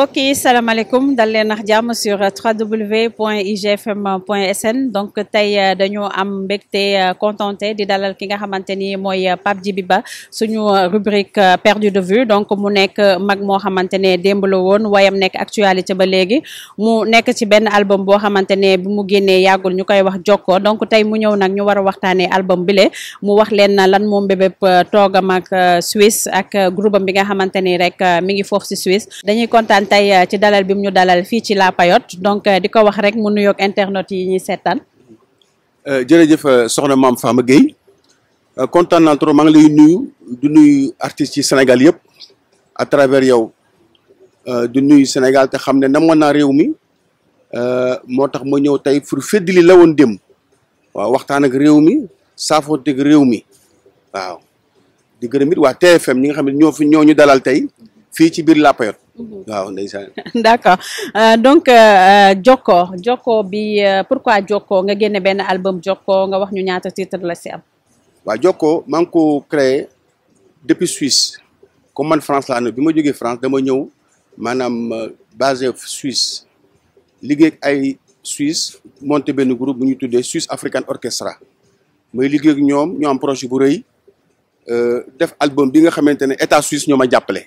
Ok, salam salaamaaleykum dal sur www.igfm.sn donc tay euh, danyo am mbégte euh, contenté di dalal ki nga xamante ni mooy euh, Pape rubrique perdu de vue donc mu nek mag moo xamante ne démb wayam nek actualité ba léegi mu nekk ci album bo xamante ne bu mu génnee yàggul donc tay mu ñëw nak ñu album bile mu wax len lan moom bébép toogam ak Suisse ak groupe am bi nga xamante rek mi ngi Suisse dañuy tay euh, ci dalal bi mu dalal fi ci La Payotte donc euh, diko wax rek mu ak internet yi setan. seetaan. Euh, jërëjëf soxna mam Fama Gueye content na trop ma ngi lay nuyu du nuyu artiste ci Sénégal yëpp à travers yow du nuyu Sénégal te xam ne namoon naa réew mi euh motax ma ñëw tay fur la won dem wa waxtaan ak réew mi réew mi waaw di gërëm wa TFM ñi nga fi dalal tay fi ci bir La Payotte Mhm. waaw ndeysaan d'accord euh, donc euh, euh, Jokko Jokko bi pourquoi Jokko nga génne benn album Jokko nga wax ñu ñaata titre la si am. waaw Jokko maa ngi ko créé depuis Suisse comme man France laa ne bi ma jógee France dama ñëw maanaam base Suisse liggéey ay Suisse monté benn groupe bu ñu tuddee Suisse African Orchestra mooy liggéey ñoom ñoom ñoo projet bu rëy def album bi nga xamante ne état Suisse ñoo ma jàppale.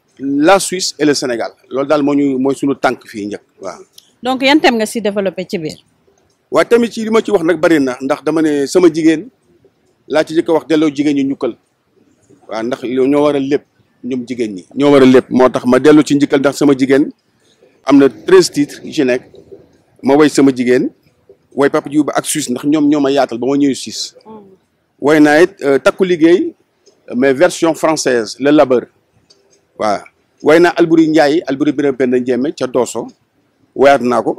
la Suisse et le Sénégal C'est ce que je suis tank, fi fii wa donc thème nga développé ci ci ma ci wax bari na ndax dama ne sama jigen la ci wax jigen ñu wa ndax ñoo y a jigen ñi. ñoo a motax ma ci ndax sama na titres ci ma way sama jigen way Papa ba ndax ñom ñoma yaatal ma Suisse. Mm. Euh, mais version française le labeur. waaw way naa Alburi Njaay Alburi Biram Penda Njéeme ca Dooso wayaat naa ko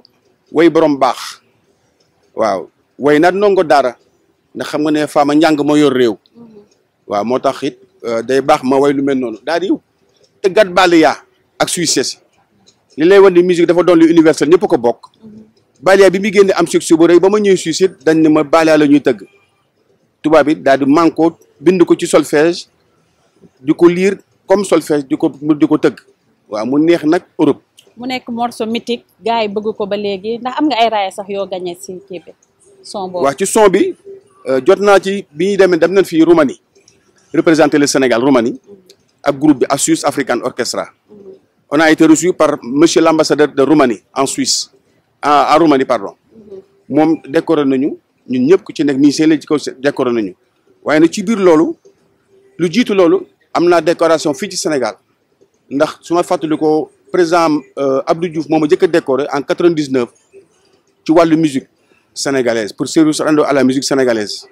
way borom baax waaw way naa ndongo daara ndax xam nga ne faama njàng moo yor réew mm-hmm. waaw moo tax it euh, day baax ma way lu mel noonu daal di tëggat baliyaa ak suy sesi li lay wan musique dafa doon lu universel ñëpp ko bokk mm-hmm. baliyaa bi muy génne am succès bu ba ma ñëw suicide dañ ne ma baliyaa ñuy tëgg tubaab it daal di bind ko ci solfège di ko liir comme solfège di du côté ko mu neex nak Europe. mu nekk morceau mythique gaay yi bëgg ko ba léegi ndax am nga ay raay sax yo gagné si kii son boobu. wa ci son bi euh, jotna ci bi ñuy dem nañ fi Roumanie représenter le Sénégal Roumanie ak groupe bi Asus African Orchestra. on a été reçu par monsieur l'ambassadeur de Roumanie en Suisse à Roumanie pardon mom décoré nañu ñun ñëpp ku ci nek ni seen ci kaw décoré nañu waaye na ci bir lolu lu jitu lolu amna naa décoration fii ci Sénégal ndax suma fatuliko le président euh, Abdou Diouf a décoré en 99. Tu musique sénégalaise pour service rendu à la musique sénégalaise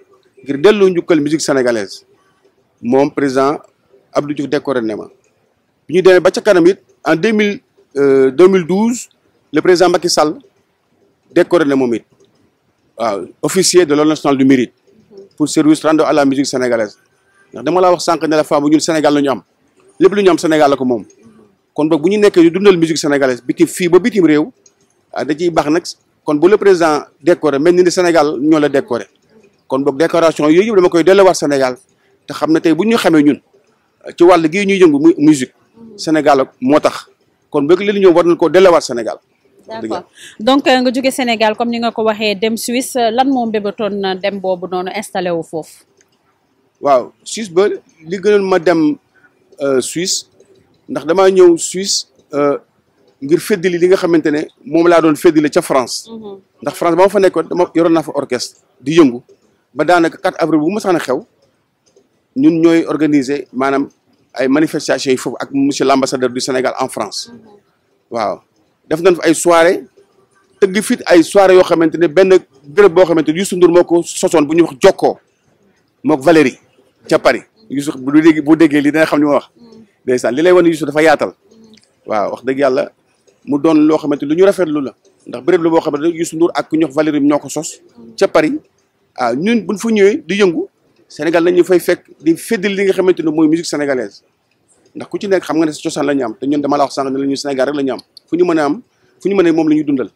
ngir delo ñukkal musique sénégalaise Mon président Abdou Diouf décoré néma biñu bi ba en 2012, euh, le président Macky Sall décoré le officier de l'ordre national du mérite pour service rendu à la musique sénégalaise dama la wax sank ne la femme ñun Sénégal la ñu am lepp lu ñu am Sénégal la ko mom kon boog bu ñu nekkee di dundal musique sénégalaise biti fi ba bitim rew ah, da ci bax nak kon bu le président décoré melni ni Sénégal ñoo la décoré kon bok décoration yooyu yëpp dama koy delluwaat Sénégal te xamna tay tey bu ñu xamee ñun ci wàll gi ñu yëngu musique Sénégal moo tax kon boog li ñu war nañ koo delluwaat Sénégal. d'accord donc euh, nga jóge Sénégal comme ni nga ko waxee dem Suisse lan moo mbébatoon euh, dem bobu non installé wu fof. waaw Suisse ba li gënal ma dem Suisse ndax damaa ñëw Suisse ngir féddali li nga xamante ne moom laa doon féddali ca France. ndax France ba ma fa nekkoon dama yoroon naa fa orchestre di yëngu ba daanaka 4 avril bu ma sax na xew ñun ñooy organiser maanaam ay manifestation yi foofu ak monsieur l' ambassadeur du Sénégal en France. waaw def nañ fa ay soirée tëgg fit ay soirée yoo xamante ne benn béréb boo xamante ne Youssou Ndour moo ko sosoon bu ñuy wax Jokkoo mook Valérie. ci Paris yusuf bu dégg bu déggee li dana xam ni wax hmm. ndeysaan li lay won yusuf dafa yaatal hmm. waaw wax deug yalla mu don loo xamanteni lu ñu rafetlu la ndax bëreb lu bo xamanteni yusuf nur ak ñox Valérie ñoko sos hmm. ci Paris ah ñun buñ fu ñëwé di yëngu Sénégal lañu fay fekk di fédil li nga xamanteni moy musique sénégalaise ndax ku ci nekk xam nga ne sa la am te ñun dama la wax sànq ne Sénégal rek la am fu ñu am fu ñu mën a dundal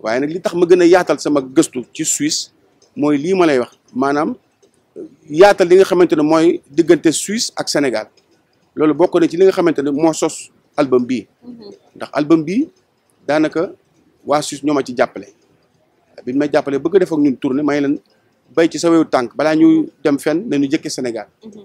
waye nak li tax ma gëna yaatal sama gëstu ci Suisse moy li ma lay wax manam yaatal li nga xamante ne mooy diggante Suisse ak Sénégal loolu bokk na ci li nga xamante ne moo sos albam bi mhm. ndax albam bi daanaka waa Suisse ñoo ma ci jàppale biñ may jàppale bëgg def ak ñun tournée may leen bay ci sa tànk balaa ñuy dem fenn nañu jëkkee Sénégal mhm.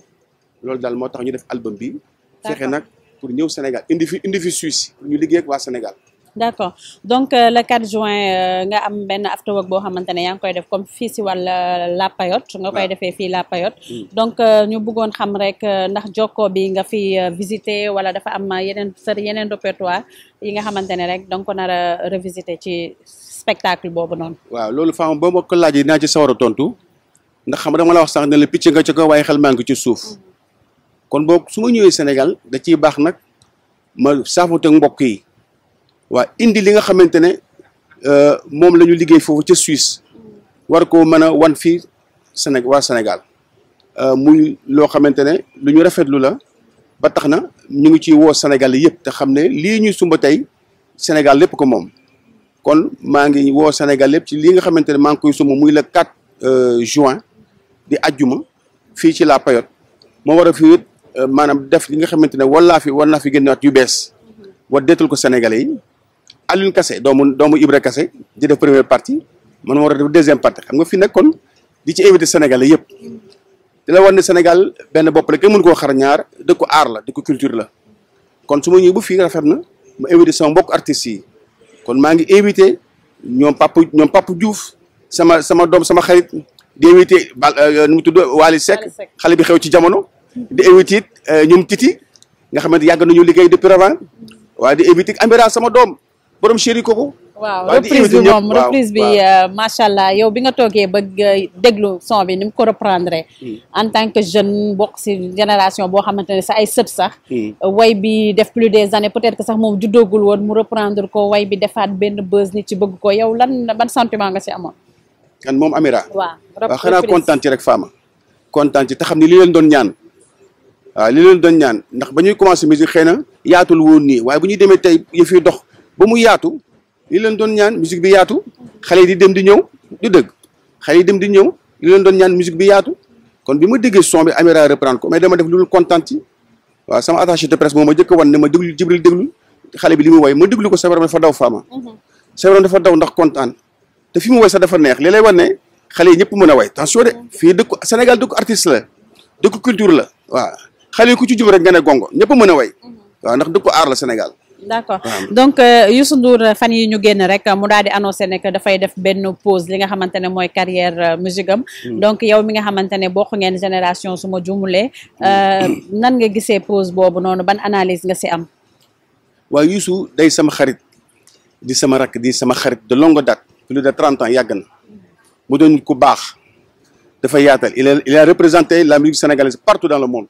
loolu daal moo tax ñu def album bi fexe nag pour ñëw Sénégal indi fi indi fi Suisse ñu liggéey ak waa Sénégal d'accord donc euh, le 4 juin euh, nga am benn after work boo xamante ne koy def comme fii si wàll euh, la payotte. nga koy defee fii la payotte. Mm. donc ñu bëggoon xam rek ndax jokko bi nga fi visiter wala dafa am yeneen sa yeneen répertoire yi nga xamante ne rek donc on nar a revisiter ci spectacle boobu noonu waaw loolu faaw boo ma ko laajee dinaa ci sawar tontu ndax xam dama la wax sànq ne la picc nga ci ko waaye xel maa ngi ci suuf mm. kon boog su ma Sénégal da ciy baax nag ma saafonte mbokk yi waa indi li nga xamantene euh mom lañu ñu liggéey foofu ca Suisse war ko mën a wan fii Séné waa Sénégal euh, muy loo xamante ne lu rafetlu la ba taxna ñu ngi ci wo Sénégal yépp te xamné li ñuy sumba tay Sénégal lépp ko mom kon ma ngi wo Sénégal yëpp ci li nga xamantene ma maa ngi koy sumb muy le 4 euh, juin di ajjuma fi ci La Payotte mo wara a fi euh, maanaam def li nga xamantene wala fi war fi génnaat yu bees wa deetal ko Sénégalais yi Alioune Kassé doomu doomu Ibra Kassé di def première partie man ma war deuxième partie xam nga fii nag kon di ci invité Sénégalais yëpp di la wan ne Sénégal benn bopp la kenn mënu koo xar ñaar dëkku aar la dëkku culture la kon su ma ñëw bu fii rafet na ma invité sama mbokk artistes yi kon maa ngi invité ñoom pappu ñoom Papa Diouf sama sama doom sama xarit di invité ba euh, nu mu tudd Waly Seck xale bi xew ci jamono di invité it euh, Titi nga xamante yàgg nañu liggéey de avant waaye di invité sama doom. borom chéri koko waaw reprise bi moom bi euh, macha allah yow bi nga toogee ba euh, déglu son bi ni mu ko reprendre hmm. en tant que jeune bokk si génération boo xamante ne sa ay sët sax hmm. way bi def plus des années peut-être que sax moom juddoogul woon mu reprendre ko way bi defaat benn buzz nit ci bëgg ko yow lan ban sentiment nga si amoon kan moom Amira waaw xanaa kontaan ci rek Fama kontaan ci te xam ne li leen doon ñaan waaw li leen doon ñaan ndax ba ñuy commencé xëy na yaatul woon nii waaye bu ñuy demee tey yëf yi dox bu mu yaatu li leen doon ñaan musique bi yaatu xale di dem di ñew di deug xale yi dem di ñew li leen doon ñaan musique bi yaatu kon bima ma son bi Amira reprendre ko mais dama def lu dul wa sama attaché de presse moma jëk won wan ne ma déglu jibril déglu xale bi limu way ma déglu ko sabaram fa daw fama sabaram mhm. dafa daw ndax kontaan te fimu way sa dafa neex li lay wan xale yi ñëpp way tension de fi dëkk Sénégal dëkk artiste la dëkk culture la wa xale yi ku ci jub rek nga gongo ñepp mëna way mhm. wa ndax dëkk art la Sénégal D'accord. donc euh, Youssou Ndour fan yi ñu génn rek mu daal di annoncé ne que dafay def benn pause li nga xamante ne mooy carrière euh, musique am. Hmm. donc yow mi nga xamante ne bokk ngeen génération su ma jumulee euh, hmm. nan nga gisee pause boobu noonu ban analyse nga si am. waaw Youssou day sama xarit di sama rakk di sama xarit de longue date plus de trente ans yàgg na mu doon ku baax dafa yaatal il a il a représenté la musique sénégalaise partout dans le monde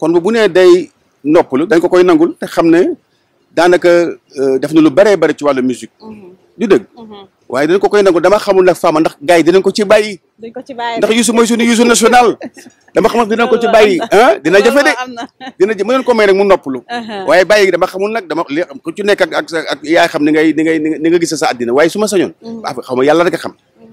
kon bu nee day noppalu dañ ko koy nangul te xam ne danaka euh, lu bare bare ci walu musique. du mhm. deug mhm. waye dinañ ko koy nangu dama xamul nak Fama ndax gars yi dinañ ko ci bàyyi. dañ ko ndax Youssou moy sunu Youssou national. dama xamul dinañ ko ci hein dina jafé de dina jë mënoon ko may rek mu noppalu. Uh-huh. waye dama xamul nak dama ku ci nekk ak ak yaay xam ni ngay ni ngay nga gis sa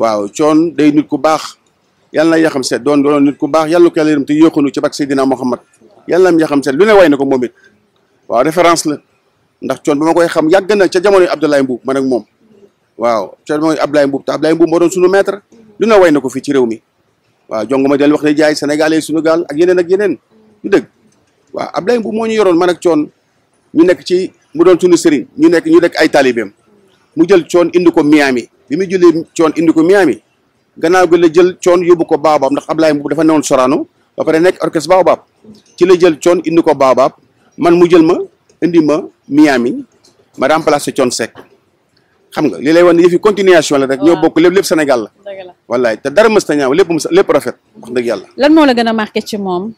waaw coon day nit ku baax yàlla na yaxam set doon doon nit ku baax yàlla ko yàlla yërëm te yéexunu ci bak Seydina Muhammad yàlla na yaxam set lu ne way na ko moom it waaw référence la ndax coon ba ma koy xam yàgg na ca jamono Abdoulaye Mbuub man ak moom waaw ca jamono Abdoulaye Mbuub te Abdoulaye Mbuub moo doon sunu maître lu ne way na ko fii ci réew mi waaw jongo ma del wax ne jaay sénégalais sunu gaal ak yeneen ak yeneen ñu dëgg waaw Abdoulaye Mbuub moo ñu yoroon man ak coon ñu nekk ci mu doon sunu sëriñ ñu nekk ñu dekk ay taalibeem mu jël coon indi ko Miami bimi mu cion indi ko Miami ganaw gi la jël cion yóbbu ko Baobab ndax Ablaye mu dafa newoon Sorano ba pare nek orchestre Baobab ci la jël cion indi ko man mu jël ma indi ma Miami ma remplacer cion sek. xam nga li lay wan continuation la rek ñoo bokk lepp lepp senegal la. wallahi te dara musta ñaw lepp lepp rafet wax deug yalla lan mo la gëna marqué ci mom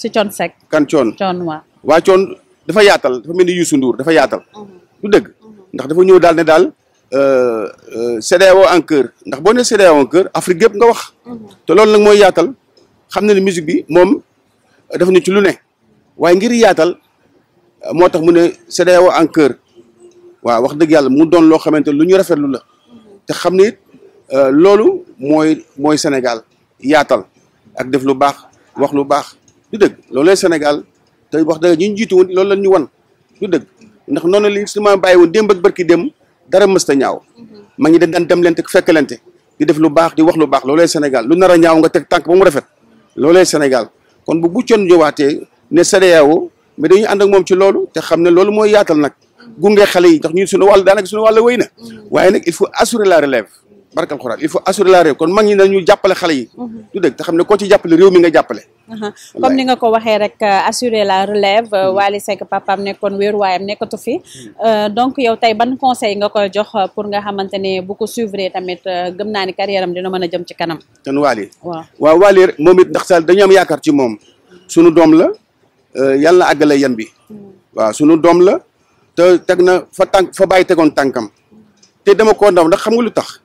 ci cion kan cion. Cion wa. Wa cion. dafa yaatal dafa melni yusundur dafa yaatal. Mhm. du deug mhm. ndax dafa ñew dal ne dal euh, euh en cœur ndax bo né CDAO en cœur Afrique gep nga wax mhm. té loolu nak moy yaatal xamna ni musique bi mom daf ñu ci lu né way ngir yaatal motax mu né en cœur wa wax deug yalla mu doon lo xamanté lu ñu rafetlu la mhm. té xam ni euh, loolu moy moy Sénégal yaatal ak def lu bax wax lu bax du deug lolé Sénégal tay wax deug ñu jitu won loolu lañ ñu won du deug ndax nonu li suma bayiwon ak barki dem dara mës ta ñaaw mm-hmm. ma ngi dañ daan dem lente fekkalante di def lu baax di wax lu baax loolee Sénégal lu nar a ñaaw nga teg tànk ba mu rafet loolee Sénégal kon bu guccoon ñëwaatee ne CEDEAO mais ñu ànd ak moom ci loolu te xam ne loolu mooy yaatal nag mm-hmm. gunge xale yi ndax ñun suñu wàll daanaka suñu wàll woy na mm-hmm. waaye nag il faut assurer la relève barkal quran il faut assurer la rew kon mag ñi dañu jappalé xalé yi mhm. du deug ta xamné ko ci jappalé rew mi nga jappalé comme ni nga ko waxé rek euh, assurer la relève euh, mhm. wali am né kon wër wayam nekkatu fi mhm. euh, donc yow tay ban conseil nga ko jox pour nga xamantene bu ko suivre tamit gëm na ni carrière am dina mëna jëm ci kanam tan wali wa wali momit ndax sal dañu am yaakar ci mom suñu dom la yalla agalé yam bi wa suñu dom la te tagna fa tank fa baye tegon tankam té dama ko ndaw ndax xam nga lutax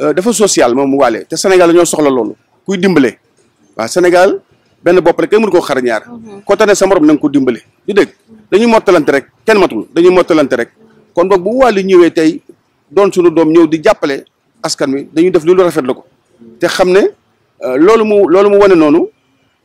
Euh, dafa social moom Wally te Sénégal dañoo soxla loolu kuy dimbale waaw Sénégal benn bopp rek kenn mënu koo xar ñaar mhm. ko tane sa morom na nga ko dimbale du dégg dañuy mottalante rek kenn matul dañuy mottalante rek kon boog bu Wally ñëwee tey doon sunu doom ñëw di jàppale askan wi dañuy def lu lu rafet la ko te xam ne euh, loolu mu loolu mu wane noonu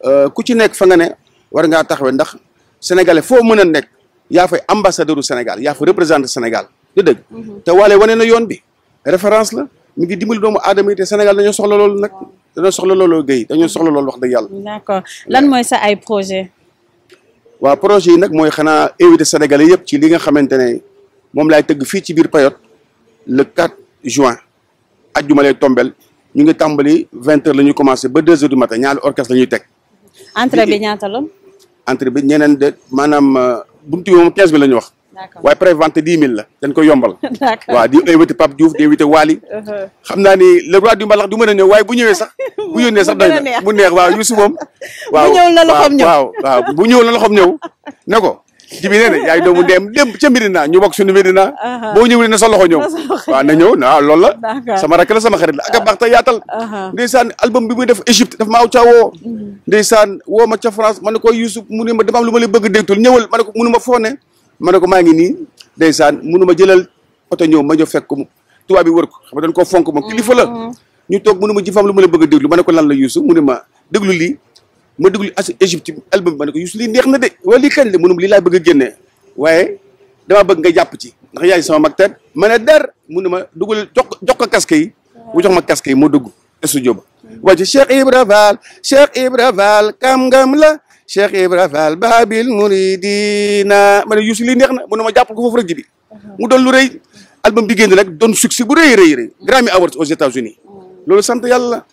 euh, ku ci nekk fa nga ne war ngaa taxawee ndax sénégalais foo mën a nekk yaa fa ambassadeur u Sénégal yaa fa représenté Sénégal mhm. yoon bi référence la mi ngi dimbali doomu aadama yi te Sénégal dañoo soxla loolu nag dañoo soxla loolu Guèye dañoo soxla loolu wax dëgg yàlla. d'accord lan mooy sa ay projet waaw projet yi nag mooy xanaa invité Sénégalais yëpp ci li nga xamante ne moom laay tëgg fii ci biir Payotte le 4 juin ajjuma lay tombel ñu ngi tàmbali 20 heures la ñuy commencé ba 2 heures du matin ñaari orchestre la ñuy teg. entrée bi ñaata la. entrée bi ñeneen de maanaam euh, buntu yi moom quinze bi la ñu wax. waaye prévente dix mille la dañ koy yombal waaw di invité Pape Diouf di invité Waly uh-huh. xam naa ni le roi du mbalax du mën a ñëw waaye bu ñëwee sax bu yónnee sax doy na bu neex waaw Youssou moom waaw waaw waaw bu ñëw la loxoom ñëw ne ko jibi nee na yaay doomu ndeem dem ca Médina ñu bokk suñu Médina uh-huh. boo ñëwee na sa loxo ñëw waaw na ñëw na loolu la sama rakk sama xarit la ak a baax te yaatal uh-huh. ndeysaan album bi muy def Égypte daf ma aw caa woo mm-hmm. ndeysaan woo ma ca France ma ne ko mu ne ma lu ma bëgg dégtul ñëwal ma ne ko mënu ma foone mané ko maangi ni ndaysan munuma jëlal auto ñew ma jox fekk ko tubaab bi wër ko xam dañ ko fonk mo kilifa la mm-hmm. ñu tok munuma jifam lu ma la bëgg a déglu ma ko lan la yusuf munuma ne ma ma déglu as Égypte album mané ko yusuf li neex na dé wala lii kañ munum li la bëgg gënné wayé dama bëgg nga japp ci ndax yaay sama mak tet ma dar munuma mu jox jox ko casque yi mu jox ma casque yi mo dugg studio ba mm-hmm. wàcc Cheikh Ibra val Cheikh Ibra val kam gam la cheikh ibrahim al babil muridina mané yusu li neex na mu ma jappal ko fofu rek jibi mu don lu reuy album bi genn rek don succès bu reuy reuy reuy grammy awards aux états-unis mm. lolu sante yalla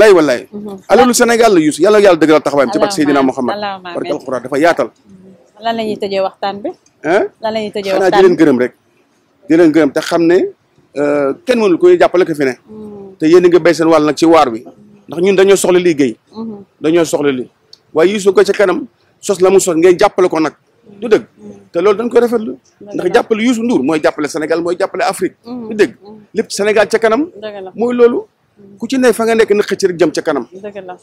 lay walay mhm. alalu senegal la yusu yalla yalla deugal taxawam ci bak sayidina muhammad barka qur'an dafa yaatal mm. lan lañuy tejé waxtan bi hein lan lañuy tejé waxtan di len gërem rek di len gërem te xamné euh kenn mënul koy jappalé ko fi né mm. te yeen nga bay seen wal nak ci war bi ndax ñun dañu soxla liggéey mm-hmm. dañu soxla li waaye Youssou ko ca kanam sos la mu sos ngay jàppale ko nag du dëgg te loolu dañ koy rafetlu ndax jàppale Youssou nduur mooy jàppale Sénégal mooy jàppale Afrique mm-hmm. du dëgg mm-hmm. lépp Sénégal ca kanam mooy loolu mm-hmm. ku ci ne fa nga nekk na xëcc rek jëm ca kanam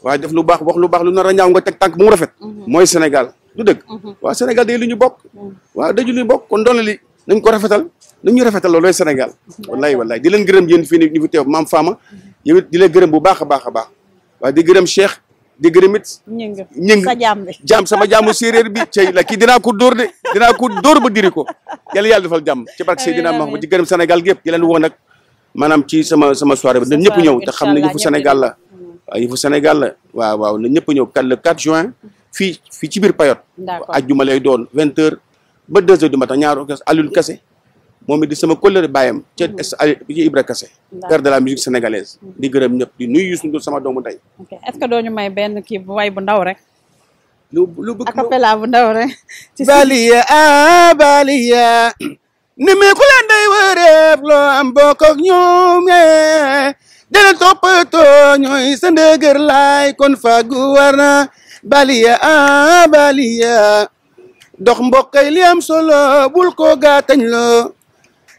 waaye def lu baax wax lu baax lu nar a ñaaw nga teg tànk bu mu rafet mooy Sénégal du dëgg waa Sénégal day lu ñu bokk waa daju lu ñu bokk kon doon li nañ ko rafetal nañ rafetal loolu Sénégal wallahi wallahi di leen gërëm yéen fii ni ñu fi teew maam Fama yow it di leen gërëm bu baax a baax a baax waaye di gërëm Cheikh di gërëm it ñëng jaam sama jaamu séeréer bi cey la kii dinaa ko dóor de dinaa ko dóor ba diri ko yàlla yàlla defal jàmm ci barke Seydina ma ci gërëm Sénégal gi yëpp di leen woo nag maanaam ci sama sama soirée bi na ñëpp ñëw te xam ne yëfu Sénégal la waaw waaw waaw ñëpp ñëw kat le 4 juin fii fii ci biir Payotte ajjuma lay doon vingt heures ba deux heures du matin ñaar Alioune Kassé momi di sama colère bayam ci Ibra kasse cœur de la musique sénégalaise mm-hmm. di gërem ñep di nuyu Youssou sama doomu tay est ce que doñu may ben ki way bu ndaw rek lu lu bëgg bu ndaw rek baliya baliya ah, ni me ko lan day wëreef lo am bok ak ñoom eh. top to ñoy sende gër lay kon fa war na baliya ah, baliya dox mbokay li am solo bul ko gatañ lo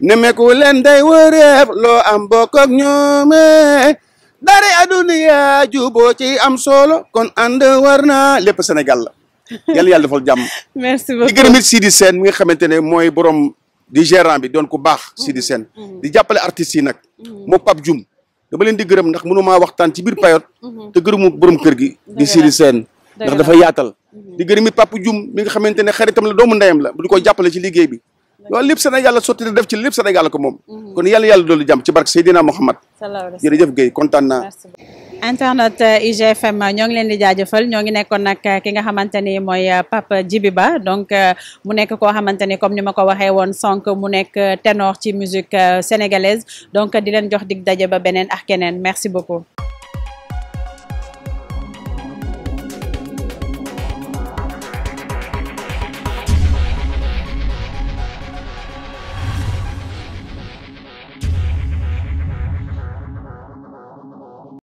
nemeku leen day wëreef loo am bokk ak ñoome dara adduna juboo ci am solo kon ànd war naa lépp Sénégal la yàlla yàlla defal jàmm. merci beaucoup di gërëm it Sidi mi nga xamante ne mooy borom di gérant bi doon ku baax Sidi mm-hmm. Sène mm-hmm. di jàppale artistes si nag mm-hmm. moo Pape Dioum dama leen di gërëm ndax mënu maa waxtaan ci biir payot te gërëmu borom kër gi di Sidi seen ndax dafa yaatal di gërëm it Pape mi nga xamante ne xaritam la doomu ndeyam la bu di ko jàppale ci liggéey lol lepp senegal la soti def ci lepp senegal ko mom mm-hmm. kon yalla yàlla doolu jam ci barke mohammed jere jërëjëf Guèye kontaan na internet euh, IGFM ñong leen di jaajeufal ñoo nekkon nak euh, ki nga xamanteni moy euh, papa jibiba donc mu nekk ko xamanteni comme ni ko waxe won sonk mu nekk tenor ci musique sénégalaise donc di leen jox dig dajje ba benen ak kenen merci beaucoup.